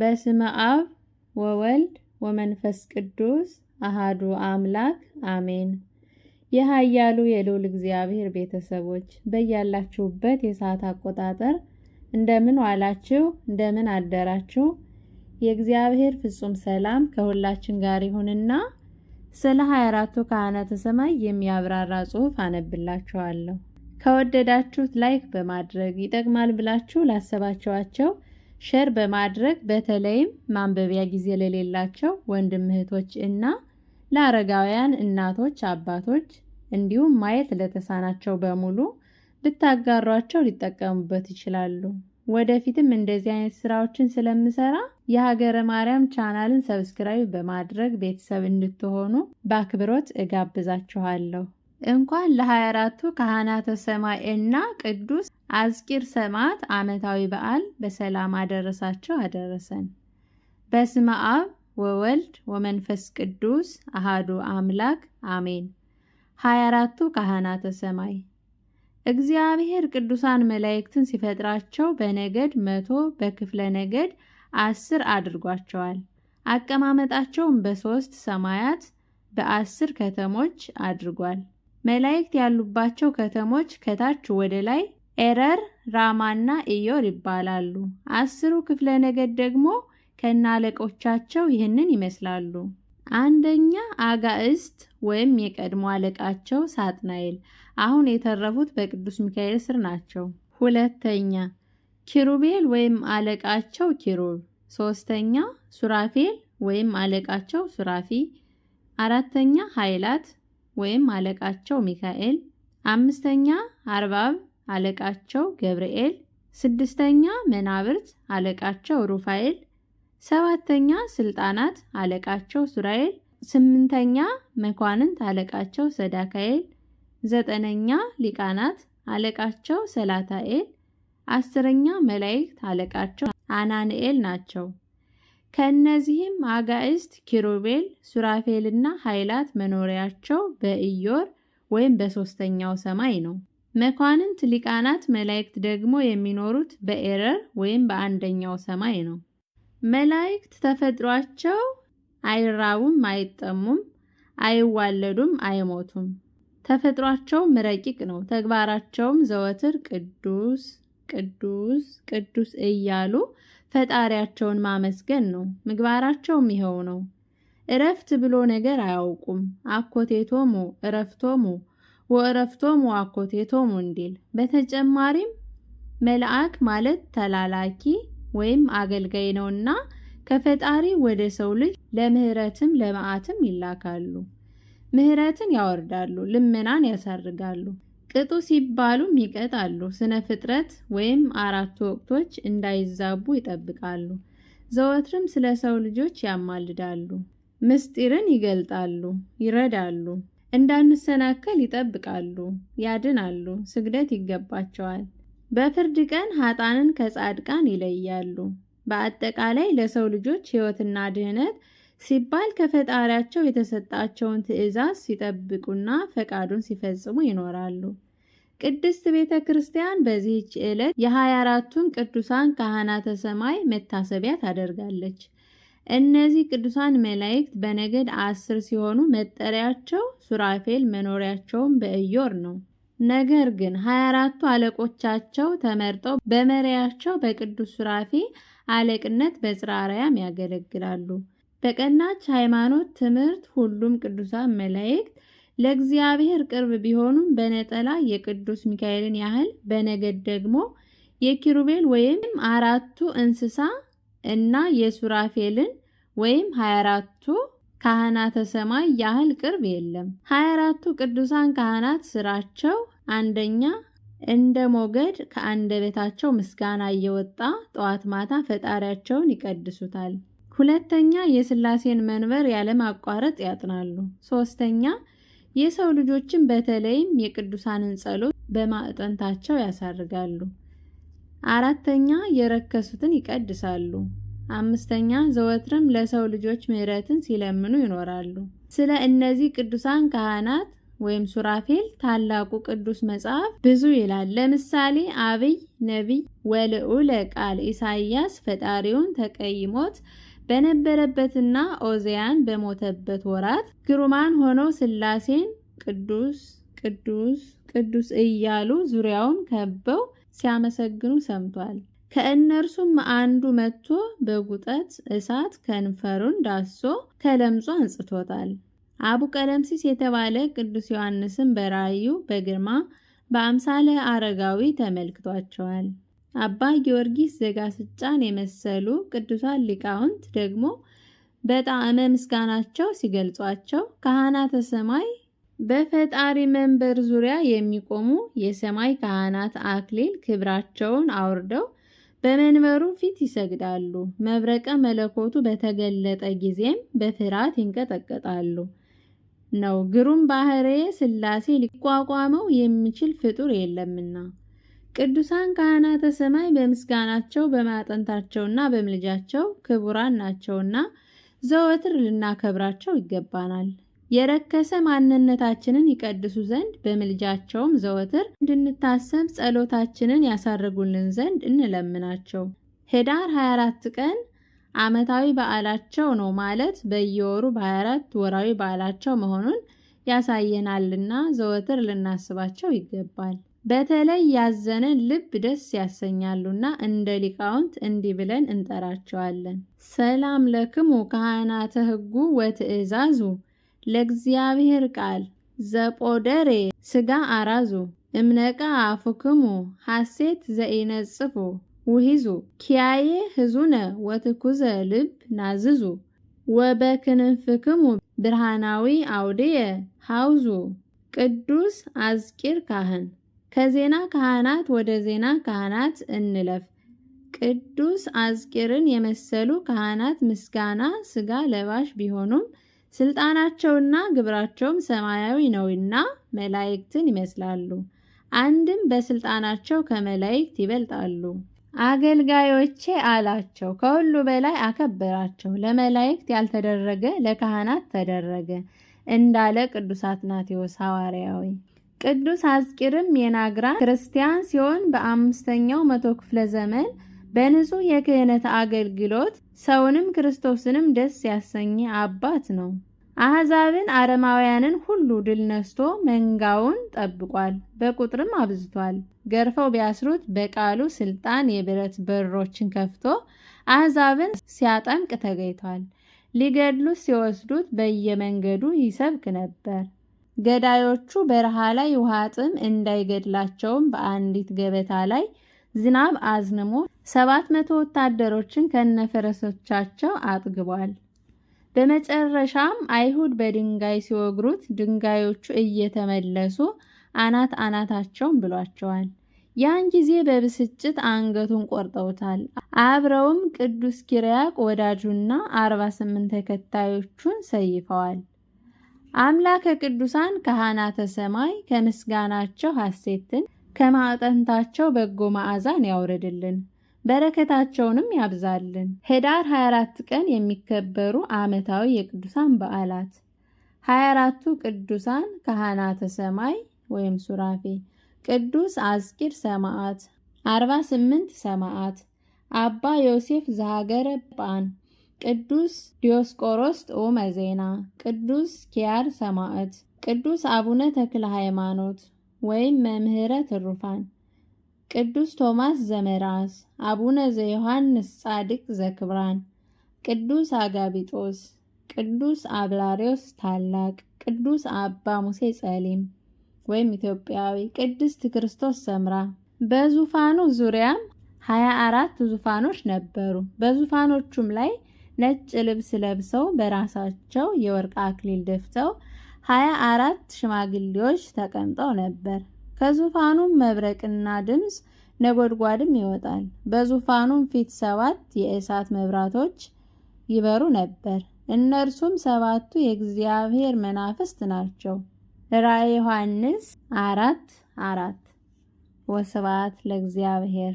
በስመ አብ ወወልድ ወመንፈስ ቅዱስ አሃዱ አምላክ አሜን። የኃያሉ የልዑል እግዚአብሔር ቤተሰቦች በያላችሁበት የሰዓት አቆጣጠር እንደምን ዋላችሁ? እንደምን አደራችሁ? የእግዚአብሔር ፍጹም ሰላም ከሁላችን ጋር ይሁንና ስለ 24ቱ ካህናተ ሰማይ የሚያብራራ ጽሑፍ አነብላችኋለሁ። ከወደዳችሁት ላይክ በማድረግ ይጠቅማል ብላችሁ ላሰባችኋቸው ሸር በማድረግ በተለይም ማንበቢያ ጊዜ ለሌላቸው ወንድም እህቶች እና ለአረጋውያን እናቶች፣ አባቶች እንዲሁም ማየት ለተሳናቸው በሙሉ ብታጋሯቸው ሊጠቀሙበት ይችላሉ። ወደፊትም እንደዚህ አይነት ስራዎችን ስለምሰራ የሀገረ ማርያም ቻናልን ሰብስክራይብ በማድረግ ቤተሰብ እንድትሆኑ በአክብሮት እጋብዛችኋለሁ። እንኳን ለ24ቱ ካህናተ ሰማይ እና ቅዱስ አዝቂር ሰማዕት ዓመታዊ በዓል በሰላም አደረሳቸው አደረሰን። በስመ አብ ወወልድ ወመንፈስ ቅዱስ አሃዱ አምላክ አሜን። ሀያ አራቱ ካህናተ ሰማይ እግዚአብሔር ቅዱሳን መላእክትን ሲፈጥራቸው በነገድ መቶ በክፍለ ነገድ አስር አድርጓቸዋል። አቀማመጣቸውም በሶስት ሰማያት በአስር ከተሞች አድርጓል። መላእክት ያሉባቸው ከተሞች ከታች ወደ ላይ ኤረር፣ ራማና ኢዮር ይባላሉ። አስሩ ክፍለ ነገድ ደግሞ ከነአለቆቻቸው ይህንን ይመስላሉ። አንደኛ አጋዕዝት ወይም የቀድሞ አለቃቸው ሳጥናኤል፣ አሁን የተረፉት በቅዱስ ሚካኤል ስር ናቸው። ሁለተኛ ኪሩቤል ወይም አለቃቸው ኪሩብ፣ ሶስተኛ ሱራፌል ወይም አለቃቸው ሱራፊ፣ አራተኛ ኃይላት ወይም አለቃቸው ሚካኤል፣ አምስተኛ አርባብ አለቃቸው ገብርኤል፣ ስድስተኛ መናብርት አለቃቸው ሩፋኤል፣ ሰባተኛ ስልጣናት አለቃቸው ሱራኤል፣ ስምንተኛ መኳንንት አለቃቸው ሰዳካኤል፣ ዘጠነኛ ሊቃናት አለቃቸው ሰላታኤል፣ አስረኛ መላእክት አለቃቸው አናንኤል ናቸው። ከእነዚህም አጋእስት ኪሩቤል፣ ሱራፌልና ኃይላት መኖሪያቸው በኢዮር ወይም በሶስተኛው ሰማይ ነው። መኳንንት ሊቃናት መላእክት ደግሞ የሚኖሩት በኤረር ወይም በአንደኛው ሰማይ ነው። መላእክት ተፈጥሯቸው አይራቡም፣ አይጠሙም፣ አይዋለዱም፣ አይሞቱም። ተፈጥሯቸውም ረቂቅ ነው። ተግባራቸውም ዘወትር ቅዱስ ቅዱስ ቅዱስ እያሉ ፈጣሪያቸውን ማመስገን ነው። ምግባራቸውም ይኸው ነው። እረፍት ብሎ ነገር አያውቁም። አኮቴቶሙ እረፍቶሙ ወእረፍቶም ወአኮቴቶም እንዲል በተጨማሪም መልአክ ማለት ተላላኪ ወይም አገልጋይ ነውና ከፈጣሪ ወደ ሰው ልጅ ለምህረትም ለመዓትም ይላካሉ። ምህረትን ያወርዳሉ፣ ልመናን ያሳርጋሉ፣ ቅጡ ሲባሉም ይቀጣሉ። ስነ ፍጥረት ወይም አራቱ ወቅቶች እንዳይዛቡ ይጠብቃሉ። ዘወትርም ስለ ሰው ልጆች ያማልዳሉ፣ ምስጢርን ይገልጣሉ፣ ይረዳሉ። እንዳንሰናከል ይጠብቃሉ፣ ያድናሉ። ስግደት ይገባቸዋል። በፍርድ ቀን ኃጣንን ከጻድቃን ይለያሉ። በአጠቃላይ ለሰው ልጆች ሕይወትና ድህነት ሲባል ከፈጣሪያቸው የተሰጣቸውን ትእዛዝ ሲጠብቁና ፈቃዱን ሲፈጽሙ ይኖራሉ። ቅድስት ቤተ ክርስቲያን በዚህች ዕለት የ የ24ቱን ቅዱሳን ካህናተ ሰማይ መታሰቢያ ታደርጋለች። እነዚህ ቅዱሳን መላእክት በነገድ አስር ሲሆኑ መጠሪያቸው ሱራፌል መኖሪያቸውም በእዮር ነው። ነገር ግን ሀያ አራቱ አለቆቻቸው ተመርጠው በመሪያቸው በቅዱስ ሱራፌ አለቅነት በጽራራያም ያገለግላሉ። በቀናች ሃይማኖት ትምህርት ሁሉም ቅዱሳን መላእክት ለእግዚአብሔር ቅርብ ቢሆኑም በነጠላ የቅዱስ ሚካኤልን ያህል በነገድ ደግሞ የኪሩቤል ወይም አራቱ እንስሳ እና የሱራፌልን ወይም 24ቱ ካህናተ ሰማይ ያህል ቅርብ የለም። 24ቱ ቅዱሳን ካህናት ስራቸው አንደኛ እንደ ሞገድ ከአንደበታቸው ምስጋና እየወጣ ጠዋት ማታ ፈጣሪያቸውን ይቀድሱታል። ሁለተኛ የስላሴን መንበር ያለማቋረጥ ያጥናሉ። ሶስተኛ የሰው ልጆችን በተለይም የቅዱሳንን ጸሎት በማዕጠንታቸው ያሳርጋሉ። አራተኛ የረከሱትን ይቀድሳሉ። አምስተኛ ዘወትርም ለሰው ልጆች ምሕረትን ሲለምኑ ይኖራሉ። ስለ እነዚህ ቅዱሳን ካህናት ወይም ሱራፌል ታላቁ ቅዱስ መጽሐፍ ብዙ ይላል። ለምሳሌ አብይ ነቢይ ወልዑለ ቃል ኢሳይያስ ፈጣሪውን ተቀይሞት በነበረበትና ኦዚያን በሞተበት ወራት ግሩማን ሆነው ስላሴን ቅዱስ ቅዱስ ቅዱስ እያሉ ዙሪያውን ከበው ሲያመሰግኑ ሰምቷል። ከእነርሱም አንዱ መጥቶ በጉጠት እሳት ከንፈሩን ዳሶ ከለምጹ አንጽቶታል። አቡ ቀለምሲስ የተባለ ቅዱስ ዮሐንስም በራዩ በግርማ በአምሳለ አረጋዊ ተመልክቷቸዋል። አባ ጊዮርጊስ ዘጋስጫን የመሰሉ ቅዱሳን ሊቃውንት ደግሞ በጣዕመ ምስጋናቸው ሲገልጿቸው ካህናተ ሰማይ በፈጣሪ መንበር ዙሪያ የሚቆሙ የሰማይ ካህናት አክሊል ክብራቸውን አውርደው በመንበሩ ፊት ይሰግዳሉ። መብረቀ መለኮቱ በተገለጠ ጊዜም በፍርሃት ይንቀጠቀጣሉ። ነው ግሩም ባህርየ ሥላሴ ሊቋቋመው የሚችል ፍጡር የለምና። ቅዱሳን ካህናተ ሰማይ በምስጋናቸው በማጠንታቸውና በምልጃቸው ክቡራን ናቸውና ዘወትር ልናከብራቸው ይገባናል። የረከሰ ማንነታችንን ይቀድሱ ዘንድ በምልጃቸውም ዘወትር እንድንታሰብ ጸሎታችንን ያሳርጉልን ዘንድ እንለምናቸው። ህዳር 24 ቀን ዓመታዊ በዓላቸው ነው ማለት በየወሩ በ24 ወራዊ በዓላቸው መሆኑን ያሳየናልና ዘወትር ልናስባቸው ይገባል። በተለይ ያዘነ ልብ ደስ ያሰኛሉና እንደ ሊቃውንት እንዲህ ብለን እንጠራቸዋለን። ሰላም ለክሙ ካህናተ ሕጉ ወትእዛዙ ለእግዚአብሔር ቃል ዘጶደሬ ስጋ አራዙ እምነቃ አፉክሙ ሐሴት ዘኢነጽፉ ውሂዙ ኪያዬ ህዙነ ወትኩዘ ልብ ናዝዙ ወበክንፍክሙ ብርሃናዊ አውድየ ሐውዙ ቅዱስ አዝቂር ካህን ከዜና ካህናት ወደ ዜና ካህናት እንለፍ። ቅዱስ አዝቂርን የመሰሉ ካህናት ምስጋና ስጋ ለባሽ ቢሆኑም ስልጣናቸውና ግብራቸውም ሰማያዊ ነውና መላእክትን ይመስላሉ፣ አንድም በስልጣናቸው ከመላእክት ይበልጣሉ። አገልጋዮቼ አላቸው፣ ከሁሉ በላይ አከበራቸው። ለመላእክት ያልተደረገ ለካህናት ተደረገ እንዳለ ቅዱስ አትናቴዎስ ሐዋርያዊ። ቅዱስ አዝቂርም የናግራን ክርስቲያን ሲሆን በአምስተኛው መቶ ክፍለ ዘመን በንጹህ የክህነት አገልግሎት ሰውንም ክርስቶስንም ደስ ያሰኘ አባት ነው። አሕዛብን አረማውያንን ሁሉ ድል ነስቶ መንጋውን ጠብቋል፣ በቁጥርም አብዝቷል። ገርፈው ቢያስሩት በቃሉ ስልጣን የብረት በሮችን ከፍቶ አሕዛብን ሲያጠምቅ ተገኝቷል። ሊገድሉት ሲወስዱት በየመንገዱ ይሰብክ ነበር። ገዳዮቹ በረሃ ላይ ውሃ ጥም እንዳይገድላቸውም በአንዲት ገበታ ላይ ዝናብ አዝንሞ ሰባት መቶ ወታደሮችን ከነፈረሶቻቸው አጥግቧል። በመጨረሻም አይሁድ በድንጋይ ሲወግሩት ድንጋዮቹ እየተመለሱ አናት አናታቸውን ብሏቸዋል። ያን ጊዜ በብስጭት አንገቱን ቆርጠውታል። አብረውም ቅዱስ ኪርያቅ ወዳጁና አርባ ስምንት ተከታዮቹን ሰይፈዋል። አምላከ ቅዱሳን ካህናተ ሰማይ ከምስጋናቸው ሐሴትን ከማዕጠንታቸው በጎ ማዕዛን ያውረድልን፣ በረከታቸውንም ያብዛልን። ኅዳር 24 ቀን የሚከበሩ ዓመታዊ የቅዱሳን በዓላት 24ቱ ቅዱሳን ካህናተ ሰማይ ወይም ሱራፌ፣ ቅዱስ አዝቂር ሰማዓት 48 ሰማዓት አባ ዮሴፍ ዘሀገረ ጳን፣ ቅዱስ ዲዮስቆሮስ ጥዑመ ዜና፣ ቅዱስ ኪያር ሰማዕት፣ ቅዱስ አቡነ ተክለ ሃይማኖት ወይም መምህረ ትሩፋን፣ ቅዱስ ቶማስ ዘመራስ፣ አቡነ ዘዮሐንስ ጻድቅ ዘክብራን፣ ቅዱስ አጋቢጦስ፣ ቅዱስ አብላሪዎስ ታላቅ፣ ቅዱስ አባ ሙሴ ጸሊም ወይም ኢትዮጵያዊ፣ ቅድስት ክርስቶስ ሰምራ። በዙፋኑ ዙሪያም ሀያ አራት ዙፋኖች ነበሩ። በዙፋኖቹም ላይ ነጭ ልብስ ለብሰው በራሳቸው የወርቅ አክሊል ደፍተው ሀያ አራት ሽማግሌዎች ተቀምጠው ነበር። ከዙፋኑም መብረቅና ድምፅ ነጎድጓድም ይወጣል። በዙፋኑም ፊት ሰባት የእሳት መብራቶች ይበሩ ነበር። እነርሱም ሰባቱ የእግዚአብሔር መናፍስት ናቸው። ራዕየ ዮሐንስ አራት አራት። ወስብሐት ለእግዚአብሔር።